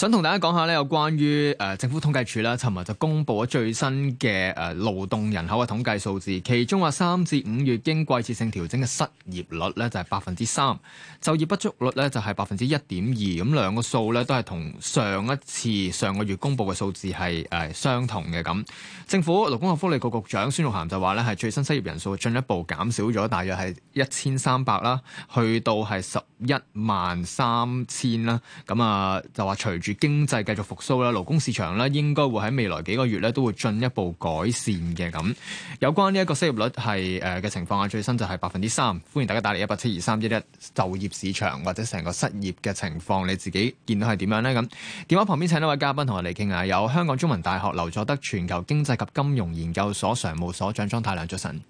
想同大家講下呢有關於誒政府統計處咧，尋日就公布咗最新嘅誒勞動人口嘅統計數字，其中話三至五月經季節性調整嘅失業率呢，就係百分之三，就業不足率呢，就係百分之一點二，咁兩個數呢，都係同上一次上個月公布嘅數字係誒相同嘅咁。政府勞工及福利局局長孫玉菡就話呢係最新失業人數進一步減少咗，大約係一千三百啦，去到係十一萬三千啦，咁啊就話隨住。經濟繼續復蘇啦，勞工市場咧應該會喺未來幾個月咧都會進一步改善嘅咁。有關呢一個失業率係誒嘅情況啊，最新就係百分之三。歡迎大家打嚟一八七二三一一就業市場或者成個失業嘅情況，你自己見到係點樣呢？咁，電話旁邊請一位嘉賓同我哋傾下，有香港中文大學劉佐德全球經濟及金融研究所常務所長莊太量早晨。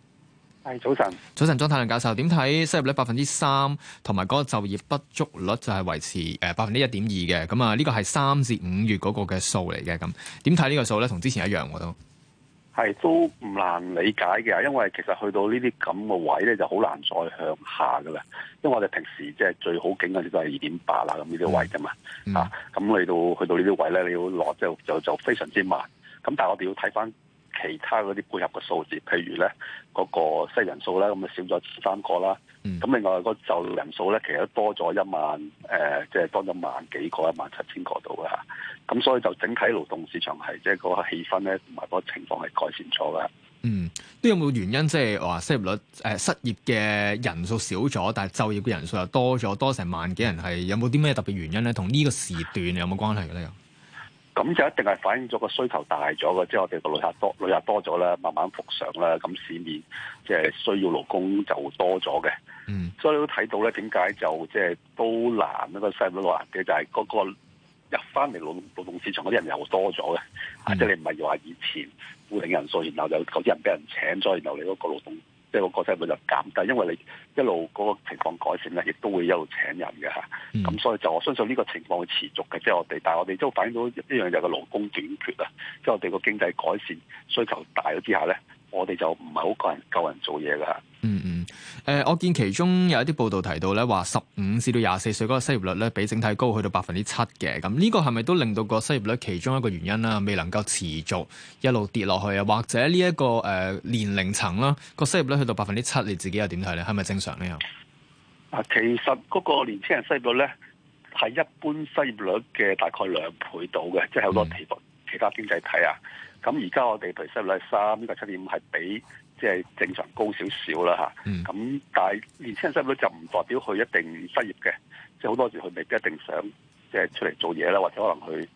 係早晨，早晨，莊太量教授，點睇失業率百分之三，同埋嗰個就業不足率就係維持誒百分之一點二嘅，咁啊呢個係三至五月嗰個嘅數嚟嘅，咁點睇呢個數咧？同之前一樣，我都係都唔難理解嘅，因為其實去到呢啲咁嘅位咧，就好難再向下噶啦，因為我哋平時即係最好景嘅呢個係二點八啦，咁呢啲位噶嘛、嗯，啊，咁你到去到這些置呢啲位咧，你要落就就就非常之慢，咁但係我哋要睇翻。其他嗰啲配合嘅數字，譬如咧嗰個失業人數咧，咁啊少咗三個啦，咁、嗯、另外個就業人數咧，其實多咗一萬，誒、呃，即係多咗萬幾個，一萬七千個度啊，咁所以就整體勞動市場係即係個氣氛咧同埋個情況係改善咗嘅。嗯，都有冇原因即係話失業率誒、呃、失業嘅人數少咗，但係就業嘅人數又多咗多成萬幾人，係有冇啲咩特別原因咧？同呢個時段有冇關係咧？咁就一定係反映咗個需求大咗嘅，即、就、係、是、我哋個旅客多、旅客多咗啦，慢慢復上啦，咁市面即係、就是、需要勞工就多咗嘅。嗯，所以你都睇到咧，點解就即係都難一個細佬難嘅，就係、是、嗰、就是那個入翻嚟勞動市場嗰啲人又多咗嘅。啊、嗯，即、就、係、是、你唔係要話以前固定人數，然後有嗰啲人俾人請咗，然後你嗰個勞動。即係個個勢會就減低，因為你一路嗰個情況改善咧，亦都會一路請人嘅嚇。咁、mm. 所以就我相信呢個情況會持續嘅，即係我哋。但係我哋都反映到一樣，就係個勞工短缺啊。即係我哋個經濟改善需求大咗之下咧，我哋就唔係好夠人夠人做嘢㗎。嗯嗯，誒、嗯呃，我見其中有一啲報道提到咧，話十五至到廿四歲嗰個失業率咧，比整體高去到百分之七嘅，咁呢個係咪都令到個失業率其中一個原因啦，未能夠持續一路跌落去啊？或者呢、這、一個誒、呃、年齡層啦，個失業率去到百分之七，你自己又點睇咧？係咪正常咧？啊，其實嗰個年輕人失業率咧係一般失業率嘅大概兩倍到嘅，即係好多地方、嗯、其他經濟體啊。咁而家我哋失業率三呢個七點五係比。即係正常高少少啦嚇，咁、嗯、但係年輕人失率就唔代表佢一定失業嘅，即係好多時佢未必一定想即係出嚟做嘢啦，或者可能佢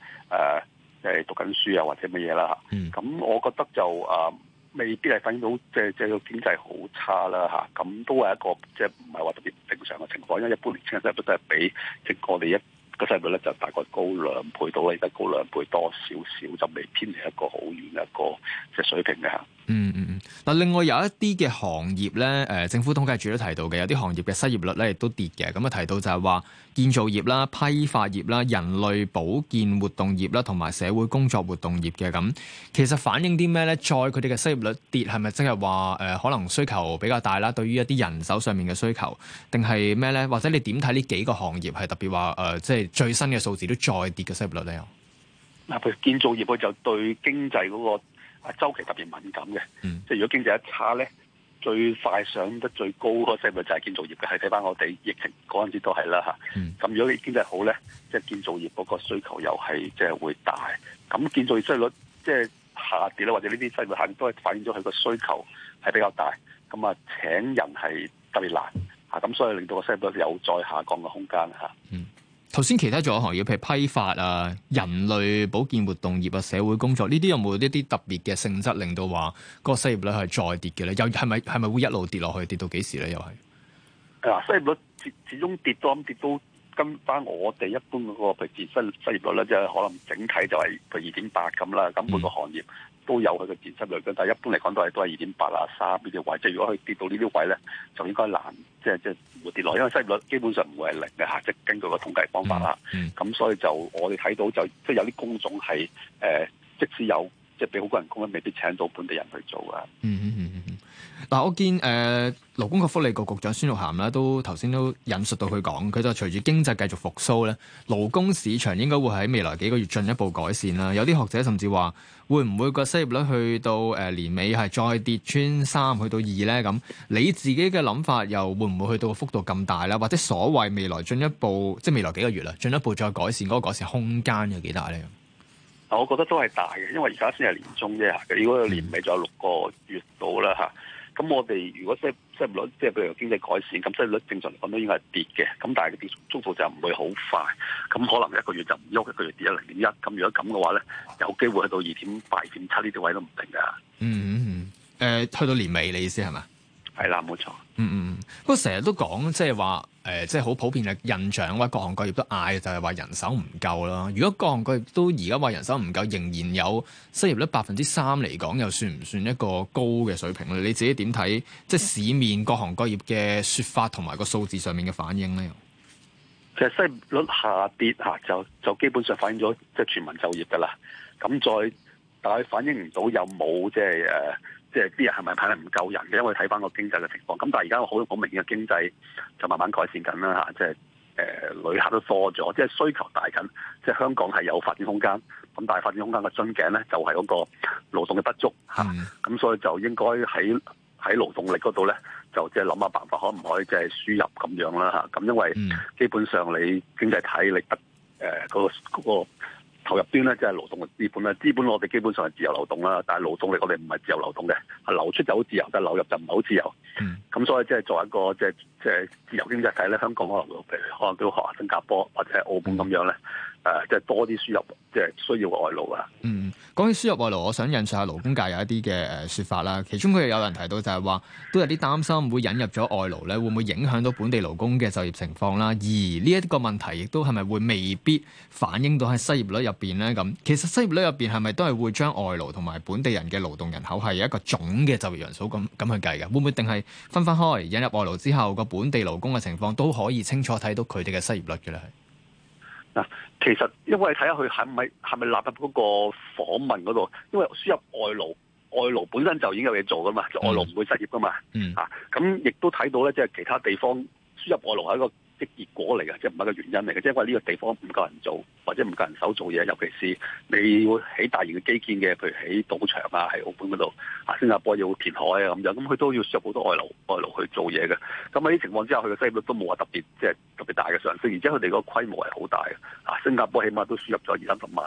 誒誒讀緊書啊，或者乜嘢啦嚇。咁、嗯、我覺得就誒、呃、未必係反映到即係即係個經濟好差啦嚇，咁、啊、都係一個即係唔係話特別唔正常嘅情況，因為一般年輕人失率都係比即係我哋一個失率咧就大概高兩倍到，而家高兩倍多少少，就未偏離一個好遠嘅一個即係水平嘅。嗯嗯嗯，嗱、嗯，另外有一啲嘅行業咧，誒、呃，政府統計處都提到嘅，有啲行業嘅失業率咧亦都跌嘅。咁啊提到就係話建造業啦、批發業啦、人類保健活動業啦，同埋社會工作活動業嘅咁，其實反映啲咩咧？再佢哋嘅失業率跌，係咪即係話誒，可能需求比較大啦？對於一啲人手上面嘅需求，定係咩咧？或者你點睇呢幾個行業係特別話誒，即係最新嘅數字都再跌嘅失業率咧？嗱，譬如建造業，佢就對經濟嗰、那個。周期特別敏感嘅、嗯，即係如果經濟一差咧，最快上得最高嗰個 sector 就係建造業嘅，係睇翻我哋疫情嗰陣時都係啦。咁如果經濟好咧，即係建造業嗰個需求又係即係會大。咁建造業失率即係下跌啦，或者呢啲失率下跌都係反映咗佢個需求係比較大。咁啊請人係特別難咁、嗯啊、所以令到個 sector 有再下降嘅空間、嗯頭先其他仲有行業，譬如批發啊、人類保健活動業啊、社會工作呢啲，這些有冇一啲特別嘅性質，令到話個失業率係再跌嘅咧？又係咪係咪會一路跌落去，跌到幾時咧？又係嗱，失業率始始終跌咗，跌到跟翻我哋一般嘅個譬如失失業率咧，即係可能整體就係二點八咁啦。咁每個行業都有佢嘅失業率、嗯、但係一般嚟講都係都係二點八啊三呢啲位。即係如果佢跌到呢啲位咧，就應該難。即係即係唔會跌落，因為失業率基本上唔會係零嘅嚇，即、就、係、是、根據個統計方法啦。咁、嗯嗯、所以就我哋睇到就即係有啲工種係誒、呃，即使有即係俾好多人工，都未必請到本地人去做啊。嗯嗯。嗱，我見誒、呃、勞工及福利局局長孫玉菡啦，都頭先都引述到佢講，佢就隨住經濟繼續復甦咧，勞工市場應該會喺未來幾個月進一步改善啦。有啲學者甚至話，會唔會個失業率去到誒、呃、年尾係再跌穿三去到二咧？咁你自己嘅諗法又會唔會去到個幅度咁大咧？或者所謂未來進一步，即係未來幾個月啦，進一步再改善嗰、那個改善空間有幾大咧？我覺得都係大嘅，因為現在才是而家先係年中啫，如果年尾仲有六個月到啦嚇。嗯。咁我哋如果即係失業率，即係譬如經濟改善，咁失業率正常嚟講都應該係跌嘅。咁但係嘅跌速度就唔會好快。咁可能一個月就唔喐，一個月跌零點一。咁如果咁嘅話咧，有機會去到二點八二點七呢啲位都唔定㗎。嗯嗯嗯。誒、呃，推到年尾你意思係嘛？係啦，冇錯。嗯嗯，不過成日都講即係話。誒、呃，即係好普遍嘅印象，或者各行各業都嗌，就係話人手唔夠啦。如果各行各業都而家話人手唔夠，仍然有失業率百分之三嚟講，又算唔算一個高嘅水平咧？你自己點睇？即係市面各行各業嘅説法同埋個數字上面嘅反應咧？其實失業率下跌吓，就就基本上反映咗即係全民就業噶啦。咁再但係反映唔到有冇即係誒。就是 uh, 即係啲人係咪派得唔夠人嘅？因為睇翻個經濟嘅情況。咁但係而家好好明顯嘅經濟就慢慢改善緊啦嚇。即係誒、呃、旅客都多咗，即係需求大緊。即係香港係有發展空間。咁但係發展空間嘅樽頸咧，就係、是、嗰個勞動嘅不足嚇。咁、mm. 啊、所以就應該喺喺勞動力嗰度咧，就即係諗下辦法，可唔可以即係輸入咁樣啦嚇。咁、啊、因為基本上你經濟體力得誒嗰個。那個投入端咧，即係勞動嘅資本咧。資本我哋基本上係自由流動啦，但係勞動力我哋唔係自由流動嘅，係流出就好自由，但係流入就唔係好自由。咁、mm. 所以即係作為一個即係即係自由經濟體咧，香港可能會，譬如可能都學下新加坡或者澳門咁樣咧。Mm. 誒，即係多啲輸入，即係需要外勞啊！嗯，講起輸入外勞，我想引述下勞工界有一啲嘅說法啦。其中佢有人提到就係話，都有啲擔心會引入咗外勞咧，會唔會影響到本地勞工嘅就業情況啦？而呢一個問題亦都係咪會未必反映到喺失業率入邊咧？咁其實失業率入邊係咪都係會將外勞同埋本地人嘅勞動人口係一個總嘅就業人數咁咁去計嘅？會唔會定係分，分返開引入外勞之後個本地勞工嘅情況都可以清楚睇到佢哋嘅失業率嘅咧？嗱，其實因為睇下佢係咪係咪納入嗰個訪問嗰度，因為輸入外勞，外勞本身就已經有嘢做噶嘛，就外勞唔會失業噶嘛，嚇，咁亦都睇到咧，即係其他地方輸入外勞係一個結果嚟嘅，即係唔係個原因嚟嘅，即係話呢個地方唔夠人做，或者唔夠人手做嘢，尤其是你要起大型嘅基建嘅，譬如起賭場啊，喺澳門嗰度，啊新加坡要填海啊咁樣，咁佢都要輸入好多外勞，外勞去做嘢嘅。咁喺呢情況之下，佢嘅收入都冇話特別，即係特別大嘅上升，而且佢哋個規模係好大嘅。啊，新加坡起碼都輸入咗二三十萬，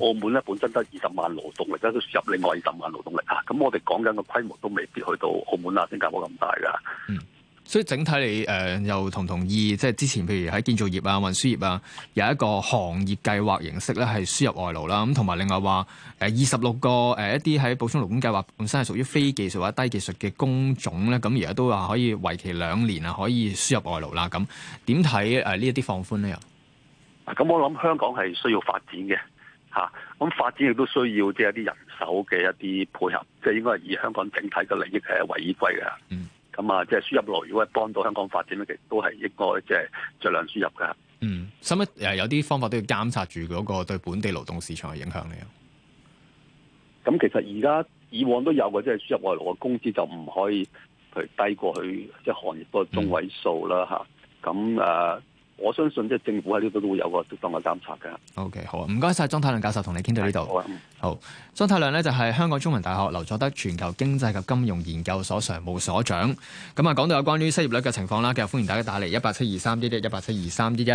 澳門咧本身得二十萬勞動力，而家都輸入另外二十萬勞動力啊。咁我哋講緊嘅規模都未必去到澳門啊、新加坡咁大噶。嗯所以整體你又同同意，即係之前譬如喺建造業啊、運輸業啊，有一個行業計劃形式咧，係輸入外勞啦。咁同埋另外話二十六個誒一啲喺補充勞工計劃本身係屬於非技術或者低技術嘅工種咧，咁而家都話可以維期兩年啊，可以輸入外勞啦。咁點睇呢一啲放寬呢？又咁我諗香港係需要發展嘅，咁發展亦都需要即係一啲人手嘅一啲配合，即係應該係以香港整體嘅利益係為依歸嘅。嗯。咁啊，即係輸入勞如果係幫到香港發展咧，其實都係應該即係盡量輸入噶。嗯，使乜誒？有啲方法都要監察住嗰個對本地勞動市場嘅影響咧。咁其實而家以往都有嘅，即係輸入外來勞嘅工資就唔可以，譬如低過去即係行業個中位數啦，吓咁誒。我相信即係政府喺呢度都會有個適當嘅監察㗎。O、okay, K，好啊，唔該晒莊太量教授同你傾到呢度。好啊，好。莊太量呢就係香港中文大學劉佐德全球經濟及金融研究所常務所長。咁啊，講到有關於失業率嘅情況啦，繼續歡迎大家打嚟一八七二三一一一八七二三一一。